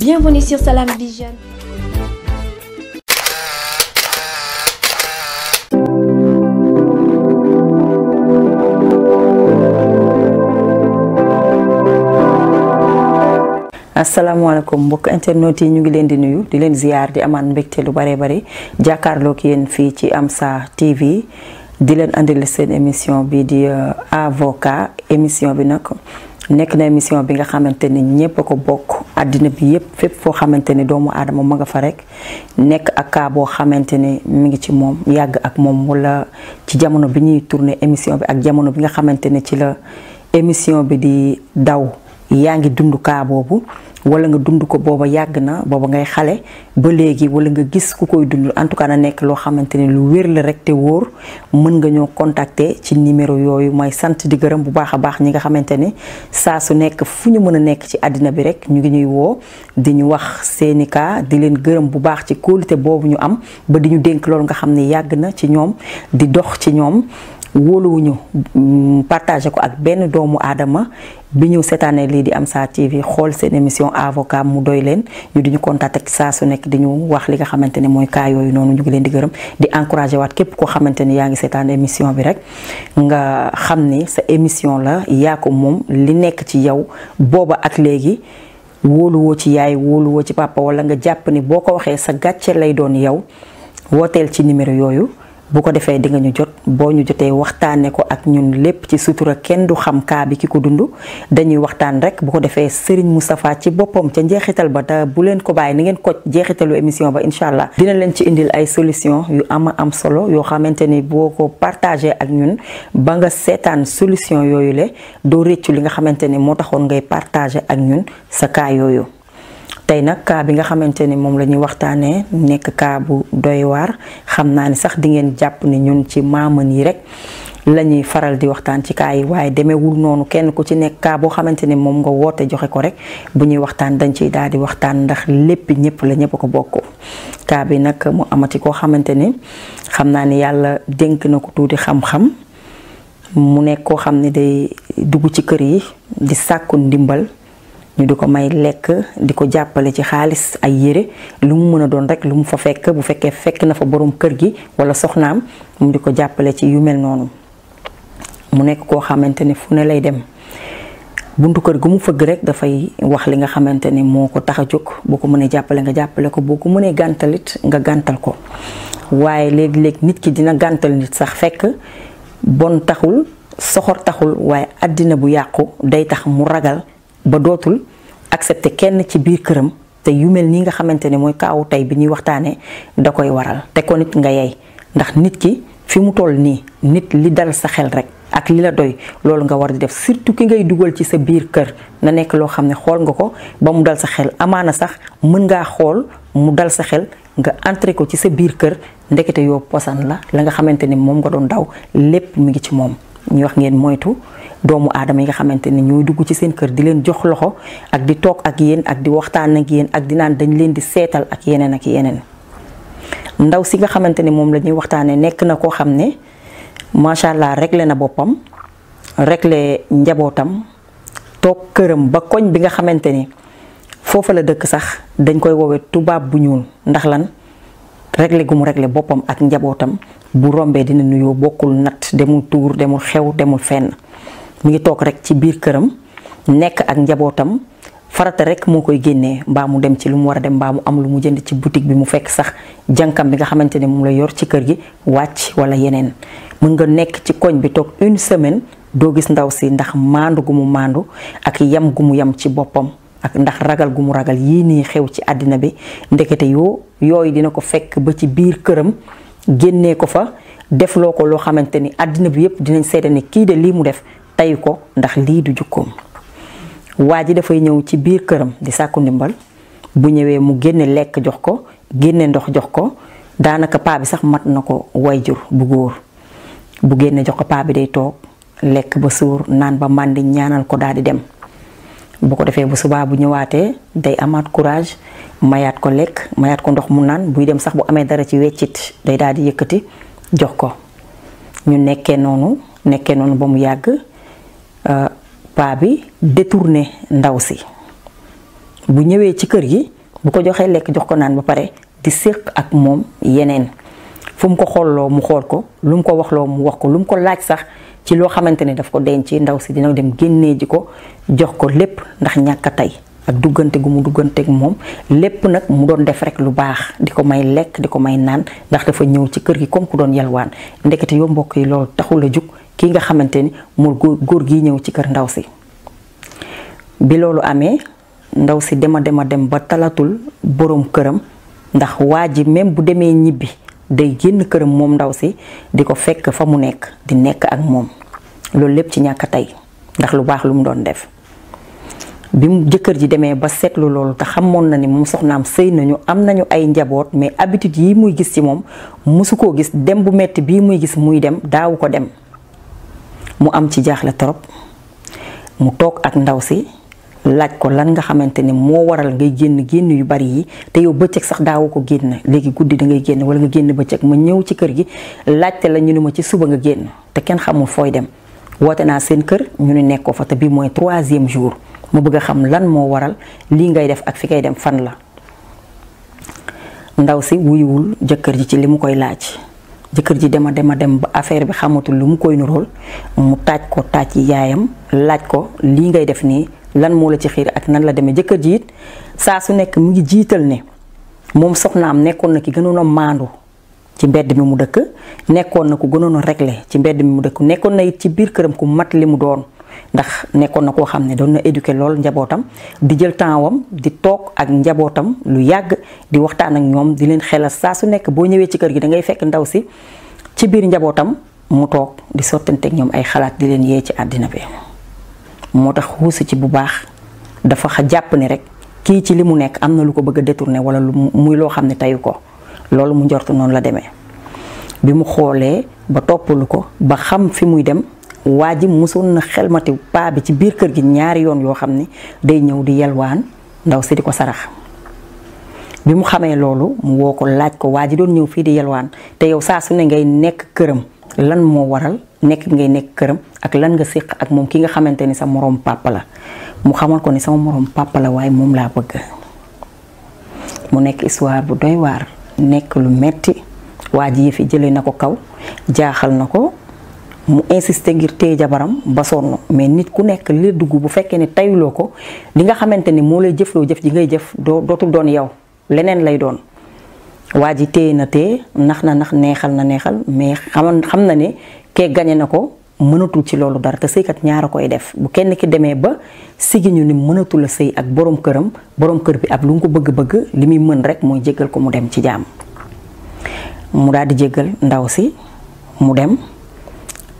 Bienvenue sur Salam mbokk internet yi ñu ngi leen di nuyu di leen ziyaar di amaan mbégte lu bare bare jàkkaarloo ki yéen fii ci Amsa TV di leen andil seen émission bi di euh, avocat émission bi nag nekk na émission bi nga xamante ni ñépp a ko bokk àddina bi yëpp fépp foo xamante ni doomu aadama ma nga fa rek nekk ak kaa boo xamante ni mi ngi ci moom yàgg ak moom wala ci jamono bi ñuy tourner émission bi ak jamono bi nga xamante ne ci la émission bi di daw yaa ngi dund kaa boobu wala nga dund ko booba yàgg na booba ngay xale ba léegi wala nga gis ku koy dund en tout cas na nekk loo xamante ne lu wér la rek te wóor mën nga ñoo contacter ci numéro yooyu mooy sant di gërëm bu baax a baax ñi nga xamante ne saa su nekk fu ñu mën a nekk ci àddina bi rek ñu ngi ñuy woo di ñu wax seeni cas di leen gërëm bu baax ci te boobu ñu am ba di ñu dénk loolu nga xam ni yàgg na ci ñoom di dox ci ñoom wóoluwuñu mm, partagé ko ak benn doomu aadama bi ñëw seetaanee lii di am Amsa TV xool seen émission avocat mu doy leen ñu di ñu contacter saa su nekk di ñu wax li nga xamante ne mooy cas yooyu noonu ñu ngi leen di gërëm di encouragé waat képp koo xamante ni yaa ngi seetaan émission bi rek nga xam ne sa émission la yaa ko moom li nekk ci yow booba ak léegi. wóoluwoo ci yaay wóoluwoo ci papa wala nga jàpp ni boo ko waxee sa gàcce lay doon yow wooteel ci numéro yooyu. bu ko defee di nga ñu jot boo ñu jotee waxtaanee ko ak ñun lépp ci sutura kenn du xam kaa bi ki ko dund dañuy waxtaan rek bu ko defee Serigne Moustapha ci boppam ca njeexital ba te bu leen ko bàyyi ni ngeen ko jeexitalu émission ba incha allah dina leen ci indil ay solution yu ama am solo yoo xamante ni boo ko partagé ak ñun ba nga seetaan solution yooyu le doo réccu li nga xamante ni moo taxoon ngay partagé ak ñun sa kaa yooyu. tey nag cas bi nga xamante ni moom la ñuy waxtaanee nekk kaa bu doy waar xam naa ni sax dingeen jàpp ni ñun ci maaman yi rek lañuy faral di waxtaan ci cas yi waaye demeewul noonu kenn ku ci nekk cas boo xamante ni moom nga woote joxe ko rek bu ñuy waxtaan dañ ciy daal di waxtaan ndax lépp ñëpp la ñëpp ko bokk. kaa bi nag mu amati koo xamante ni xam naa ni yàlla dénk na ko tuuti xam-xam mu nekk koo xam ne day dugg ci kër yi di sàkku ndimbal. ñu di ko may lekk di ko jàppale ci xaalis ay yére lu mu mën a doon rek lu mu fa fekk bu fekkee fekk na fa borom kër gi wala soxnaam di ko jàppale ci yu mel noonu mu nekk koo xamante ne fu lay dem buntu kër gu mu fëgg rek dafay wax li nga xamante ne moo ko tax a jóg boo ko mënee jàppale nga jàppale ko boo mënee gàntalit nga gàntal ko waaye léeg nit ki dina gàntal nit sax fekk bon taxul soxor taxul waaye àddina bu yàqu day tax mu ragal ba dootul accepté kenn ci biir këram te yu mel nii nga xamante ne mooy kaawu tey bi ñuy waxtaanee da koy waral te ko nit nga yey ndax nit ki fi mu toll nii nit li dal sa xel rek ak li la doy loolu nga war di def surtout ki ngay dugal ci sa biir kër na nekk loo xam ne xool nga ko ba mu dal sa xel amaana sax mën ngaa xool mu dal sa xel nga entrer ko ci sa biir kër ndekete yoo posan la la nga xamante ne moom nga doon daw lépp mu ngi ci moom ñu wax ngeen moytu. doomu aadama yi nga xamante ni ñooy dugg ci seen kër di leen jox loxo ak di toog ak yéen ak di waxtaan ak yéen ak di naan dañ leen di seetal ak yeneen ak yeneen ndaw si nga xamante ni moom la ñuy waxtaanee nekk na koo xam ne macha allah réglé na boppam regle njabootam toog këram ba koñ bi nga xamante ni foofu la dëkk sax dañ koy woowee tubaab bu ñuul ndax lan réglé gu mu regle boppam ak njabootam bu rombee dina nuyoo bokkul natt demul tuur demul xew demul fenn. mu ngi toog rek ci biir këram nekk ak njabootam farata rek moo koy génnee mbaa mu dem ci lu mu war a dem mbaa mu am lu mu jënd ci boutique bi mu fekk sax jànkam bi nga xamante ne moom la yor ci kër gi wàcc wala yeneen mën nga nekk ci koñ bi toog une semaine doo gis ndaw si ndax maandu gu mu maandu ak yam gu mu yam ci boppam ak ndax ragal gu mu ragal yii nii xew ci àddina bi ndekete yoo yooyu dina ko fekk ba ci biir këram génnee ko fa defloo ko loo xamante ni àddina bi yépp dinañ seede ne kii de lii mu def tey ko ndax lii du jukkoom waa ji dafay ñëw ci biir këram di sàkku ndimbal bu ñëwee mu génne lekk jox ko génne ndox jox ko daanaka paa bi sax mat na ko way wayjur bu góor bu génne jox ko paa bi day toog lekk ba suur naan ba màndi ñaanal ko daal di dem bu ko defee bu subaa bu ñëwaatee day amaat courage mayaat ko lekk mayaat ko ndox mu naan buy dem sax bu amee dara ci weccit day daal di yëkkati jox ko ñu nekkee noonu nekkee noonu ba mu yàgg Euh, paa bi détourné ndaw si bu ñëwee ci kër gi bu ko joxee lekk jox ko naan ba pare di séq ak moom yeneen fu mu ko xoolloo mu xool ko lu mu ko waxloo mu wax ko lu mu ko laaj sax ci loo xamante ne daf ko denc ndaw si dina dem génnee ji ko jox ko lépp ndax ñàkk a tey ak duggante gu mu dugganteeg moom lépp nag mu doon def rekk lu baax di ko may lekk di ko may naan ndax dafa ñëw ci kër gi comme ku doon yalwaan ndekete yoo mbokk yi loolu taxul a jug kii nga xamante ni mu góor gi ñëw ci kër ndaw si. bi loolu amee ndaw si dema dema dem ba talatul boroom këram ndax waa ji même bu demee ñibbi day génn këram moom ndaw si di ko fekk fa mu nekk di nekk ak moom loolu lépp ci ñàkk tey ndax lu baax lu mu doon def. bi mu jëkkër ji demee ba seetlu loolu te xamoon na ni moom soxnaam sëy nañu am nañu ay njaboot mais habitude yi muy gis ci moom mosu koo gis dem bu metti bii muy gis muy dem daawu ko dem mu am ci jaaxle torop mu toog ak ndaw si laaj ko lan nga xamante ni moo waral ngay génn génn yu bari yi te yow bëccëg sax daawu ko génn léegi guddi da ngay génn wala nga génn bëccëg ma ñëw ci kër gi laajte la ñu ni ma ci suba nga génn te kenn xamul fooy dem woote naa seen kër ñu ne nekk ko bii mooy troisième jour. ma bëgg a xam lan moo waral lii ngay def ak fi ngay dem fan la ndaw si wuyuwul jëkkër ji ci li mu koy laaj jëkkër ji dema dema dem ba affaire bi xamatul lu mu koy nurool mu taaj ko taaj yaayam laaj ko lii ngay def nii lan moo la ci xiir ak nan la demee jëkkër ji it saa su nekk mu ngi jiital ne moom soxnaam nekkoon na ki gënoon maandu ci mbedd mi mu dëkk nekkoon na ku gënoon a ci mbedd mi mu dëkk nekkoon na it ci biir këram ku mat li mu doon ndax nekkoon na koo xam ne doon na éduquer loolu njabootam di jël temps di toog ak njabootam lu yàgg di waxtaan ak ñoom di leen xelal saa su nekk boo ñëwee ci kër gi dangay fekk ndaw si ci biir njabootam mu toog di sottante ak ñoom ay xalaat di leen yee ci àddina bi moo tax xuusi ci bu baax dafa jàpp ne rek kii ci li mu nekk am na lu ko bëgg a détourné wala lu muy loo xam ne teyu ko loolu mu njort noonu la demee bi mu xoolee ba toppalu ko ba xam fi muy dem. waa ji mosoon na xelmati paa bi ci biir kër gi ñaari yoon yoo xam ne day ñëw di yelwaan ndaw si di ko sarax bi mu xamee loolu mu woo ko laaj ko waa ji doon ñëw fii di yelwaan te yow saa su ne ngay nekk këram lan moo waral nekk ngay nekk këram ak lan nga séq ak moom ki nga xamante ni sa moroom pàppala mu xamal ko ni sama moroom pàppala waaye moom laa bëgg mu nekk histoire bu doy waar nekk lu metti waa ji fi jëlee na ko kaw jaaxal na ko mu insisté ngir téye jabaram ba sonn mais nit ku nekk li dugg bu fekkee ne tayuloo ko li nga xamante ni moo lay jëfloo jëf ji ngay jëf doo dootul doon yow leneen lay doon waa ji téye na téye nax na nax neexal na neexal mais xaman xam na ne kee gañe na ko mënatul ci loolu dara te sëykat ñaar a koy def bu kenn ki demee ba sigiñu ni mënatul a sëy ak boroom këram borom kër bi ab lu nga ko bëgg-bëgg li muy mën rek mooy jéggal ko mu dem ci jaam mu daal di jéggal ndaw si mu dem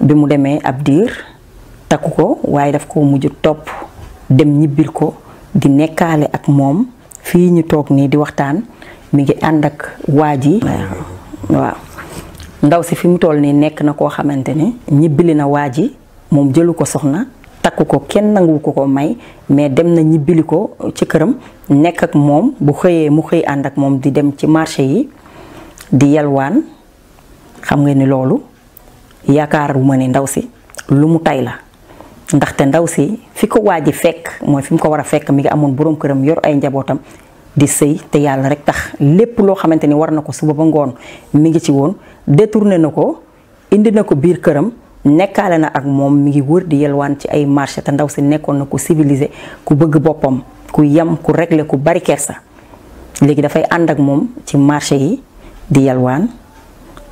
bi mu demee ab diir takku ko waaye daf ko mujj topp dem ñibbil ko di nekkaale ak moom fii ñu toog nii di waxtaan mu ngi ànd ak waa ji waaw ndaw si fi mu toll nii nekk na koo xamante ne ñibbili na waa ji moom jëlu ko soxna takku ko kenn nangu ko ko may mais dem na ñibbili ko ci këram nekk ak moom bu xëyee mu xëy ànd ak moom di dem ci marché yi di yalwaan xam nga ni loolu ma ni ndaw si lu mu tay la ndaxte ndaw si fi ko waa ji fekk mooy fi mu ko war a fekk mi ngi amoon boroom këram yor ay njabootam di sëy te yàlla rek tax lépp loo xamante ni war na ko suba ba ngoon mi ngi ci woon détourné na ko indi na ko biir këram nekkaale na ak moom mi ngi wër di yelwaan ci ay marché te ndaw si nekkoon na ku civilisé ku bëgg boppam ku yem ku regle ku bari kersa léegi dafay ànd ak moom ci marché yi di yelwaan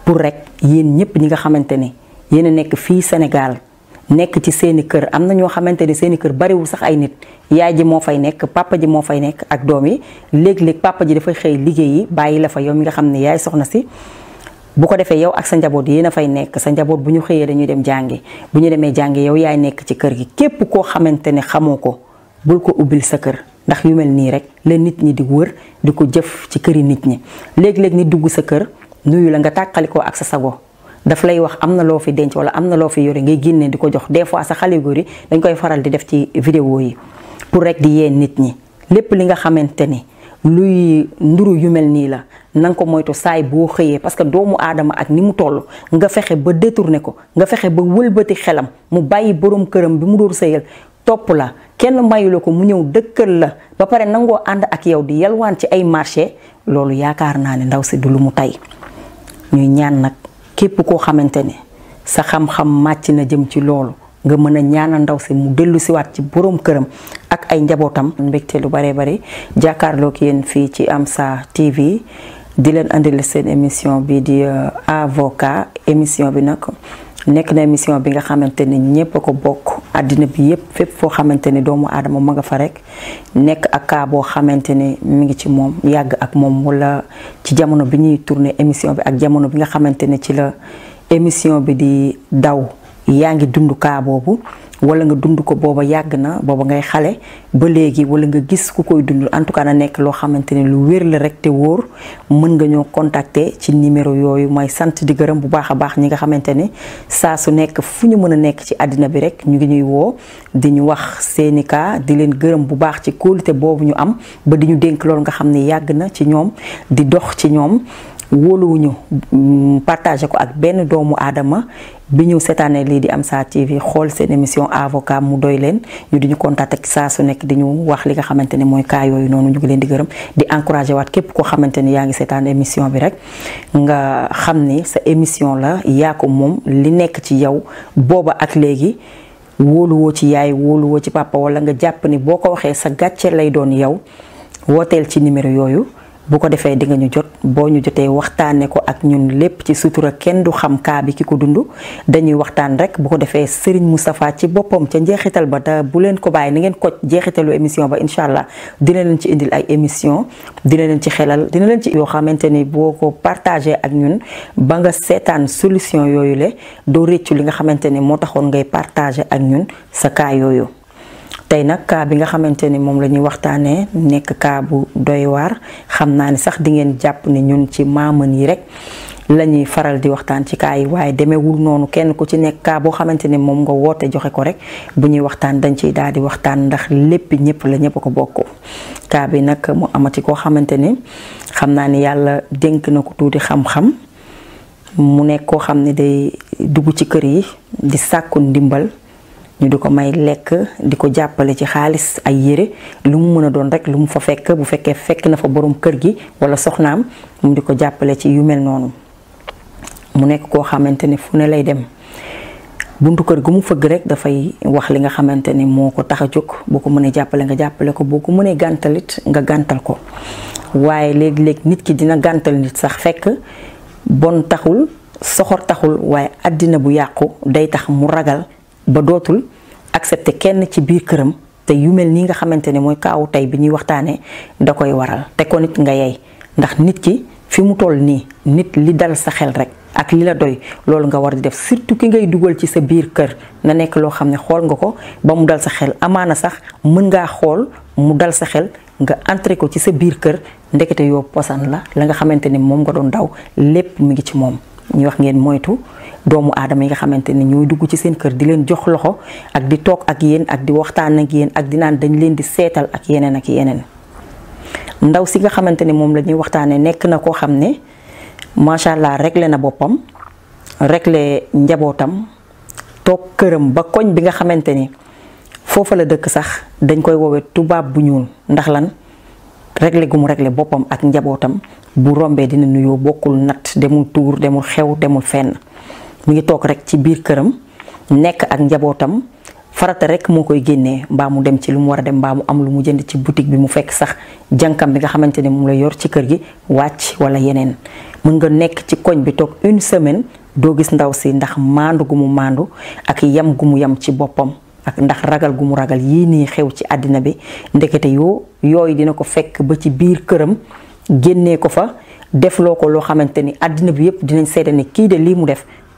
pour rek yéen ñëpp ñi nga xamante ni yéen nekk fii Sénégal nekk ci seeni kër am na ñoo xamante ni seeni kër bariwul sax ay nit yaay ji moo fay nekk papa ji moo fay nekk ak doom yi léeg-léeg papa ji dafay xëy liggéeyi bàyyi la fa yow mi nga xam ne yaay soxna si. bu ko defee yow ak sa njaboot yéen a fay nekk sa njaboot bu ñu xëyee dañuy dem jàngi bu ñu demee jàngi yow yaay nekk ci kër gi képp koo xamante ni xamoo ko bul ko ubbil sa kër ndax yu mel nii rek la nit ñi di wër di ko jëf ci këri nit ñi léeg-léeg ni dugg sa kër nuyu la nga tàqalikoo ak sa sago daf lay wax am na loo fi denc wala am na loo fi yore ngay génne di ko jox des fois sa xale góor yi dañ koy faral di def ci video yi pour rek di yee nit ñi lépp li nga xamante ni luy nduru yu mel nii la na ko moytu saay boo xëyee parce que doomu aadama ak ni mu toll nga fexe ba détourné ko nga fexe ba wëlbati xelam mu bàyyi borom këram bi mu dóor sëyal topp la kenn mayu la ko mu ñëw dëkkal la ba pare nangoo ànd ak yow di yalwaan ci ay marché loolu yaakaar naa ne ndaw si lu mu tey ñuy ñaan nag képp koo xamante ni sa xam-xam màcc na jëm ci loolu nga mën a ñaana ndaw si mu dellu siwaat ci boroom këram ak ay njabootam. mbégte lu bare bare jàkkaarloo ki yéen fii ci am Amsa TV di leen andil seen émission bi di euh, avocat émission bi nag. nekk na émission bi nga xamante ne ñëpp a ko bokk àddina bi yëpp fépp foo xamante ni doomu aadama mu nga fa rek nekk ak kaa boo xamante ne mu ngi ci moom yàgg ak moom wala ci jamono bi ñuy tourner émission bi ak jamono bi nga xamante ne ci la émission bi di daw yaa ngi dund kaa boobu. wala nga dund ko booba yàgg na booba ngay xale ba léegi wala nga gis ku koy dund en tout cas na nekk loo xamante ne lu wér la rek te wóor mën nga ñoo contacter ci numéro yooyu mooy sant di gërëm bu baax a baax ñi nga xamante ne saa su nekk fu ñu mën a nekk ci àddina bi rek ñu ngi ñuy woo di ñu wax seeni cas di leen gërëm bu baax ci kóolute boobu ñu am ba di ñu dénk loolu nga xam ne yàgg na ci ñoom di dox ci ñoom wóoluwuñu mm, partagé ko ak benn doomu aadama bi ñu seetaanee lii di am Amsa TV xool seen émission avocat mu doy leen ñu di ñu contacter ak saa su nekk di ñu wax li nga xamante ne mooy cas yooyu noonu ñu ngi leen di gërëm di encouragé waat képp koo xamante ni yaa ngi seetaan émission bi rek nga xam ne sa émission la yaa ko moom li nekk ci yow booba ak léegi wóoluwoo ci yaay wóoluwoo ci papa wala nga jàpp ni boo ko waxee sa gàcce lay doon yow wooteel ci numéro yooyu. bu ko defee di nga ñu jot boo ñu jotee waxtaanee ko ak ñun lépp ci sutura kenn du xam kaa bi ki ko dund dañuy waxtaan rek bu ko defee Serigne Moustapha ci boppam ca njeexital ba te bu leen ko bàyyi ni ngeen ko jeexitalu émission ba incha allah dina leen ci indil ay émission dina leen ci xelal dina leen ci yoo xamante ni boo ko partagé ak ñun ba nga seetaan solution yooyu le doo réccu li nga xamante ni moo taxoon ngay partagé ak ñun sa kaa yooyu. tey nag cas bi nga xamante ni moom la ñuy waxtaanee nekk kaa bu doy waar xam naa ni sax dingeen jàpp ni ñun ci maaman yi rek lañuy faral di waxtaan ci cas yi waaye demeewul noonu kenn ku ci nekk cas boo xamante ni moom nga woote joxe ko rek bu ñuy waxtaan dañ ciy daal di waxtaan ndax lépp ñëpp la ñëpp ko bokk. cas bi nag mu amati koo xamante ni xam naa ni yàlla dénk na ko tuuti xam-xam mu nekk koo xam ne day dugg ci kër yi di sàkku ndimbal. di ko may lekk di ko jàppale ci xaalis ay yére lu mu mën a doon rek lu mu fa fekk bu fekkee fekk na fa borom kër gi wala soxnaam di ko jàppale ci yu mel noonu mu nekk koo xamante ne fu ne lay dem buntu kër gu mu fëgg rek dafay wax li nga xamante ne moo ko tax a jóg boo ko mënee jàppale nga jàppale ko boo ko mënee gàntalit nga gàntal ko nit ki dina gàntal nit sax fekk bon taxul soxor taxul waaye àddina bu yàqu day tax mu ragal ba dootul accepté kenn ci biir këram te yu mel nii nga xamante ne mooy kaawu tey bi ñuy waxtaanee nda koy waral te ko nit nga yey ndax nit ki fi mu toll nii nit li dal sa xel rek ak li la doy loolu nga war di def surtout ki ngay dugal ci sa biir kër na nekk loo xam ne xool nga ko ba mu dal sa xel amaana sax mën ngaa xool mu dal sa xel nga entrer ko ci sa biir kër ndekete yoo posan la la nga xamante ne moom nga doon daw lépp mu ngi ci moom ñu wax ngeen moytu. doomu aadama yi nga xamante ni ñooy dugg ci seen kër di leen jox loxo ak di toog ak yéen ak di waxtaan ak yéen ak di naan dañ leen di seetal ak yeneen ak yeneen ndaw si nga xamante ni moom la ñuy waxtaanee nekk na koo xam ne macha allah réglé na boppam regle njabootam toog këram ba koñ bi nga xamante ni foofu la dëkk sax dañ koy woowee tubaab bu ñuul ndax lan réglé gu mu réglé boppam ak njabootam bu rombee dina nuyoo bokkul natt demul tuur demul xew demul fenn. mi ngi toog rek ci biir këram nekk ak njabootam farata rek moo koy génnee mbaa mu dem ci lu mu war a dem mbaa mu am lu mu jënd ci boutique bi mu fekk sax jànkam bi nga xamante ne moom la yor ci kër gi wàcc wala yeneen mën nga nekk ci koñ bi toog une semaine doo gis ndaw si ndax maandu gu mu maandu ak yam gu mu yam ci boppam ak ndax ragal gu mu ragal yii nii xew ci àddina bi ndekete yoo yooyu dina ko fekk ba ci biir këram génnee ko fa defloo ko loo xamante ni àddina bi yépp dinañ seede ne kii de lii mu def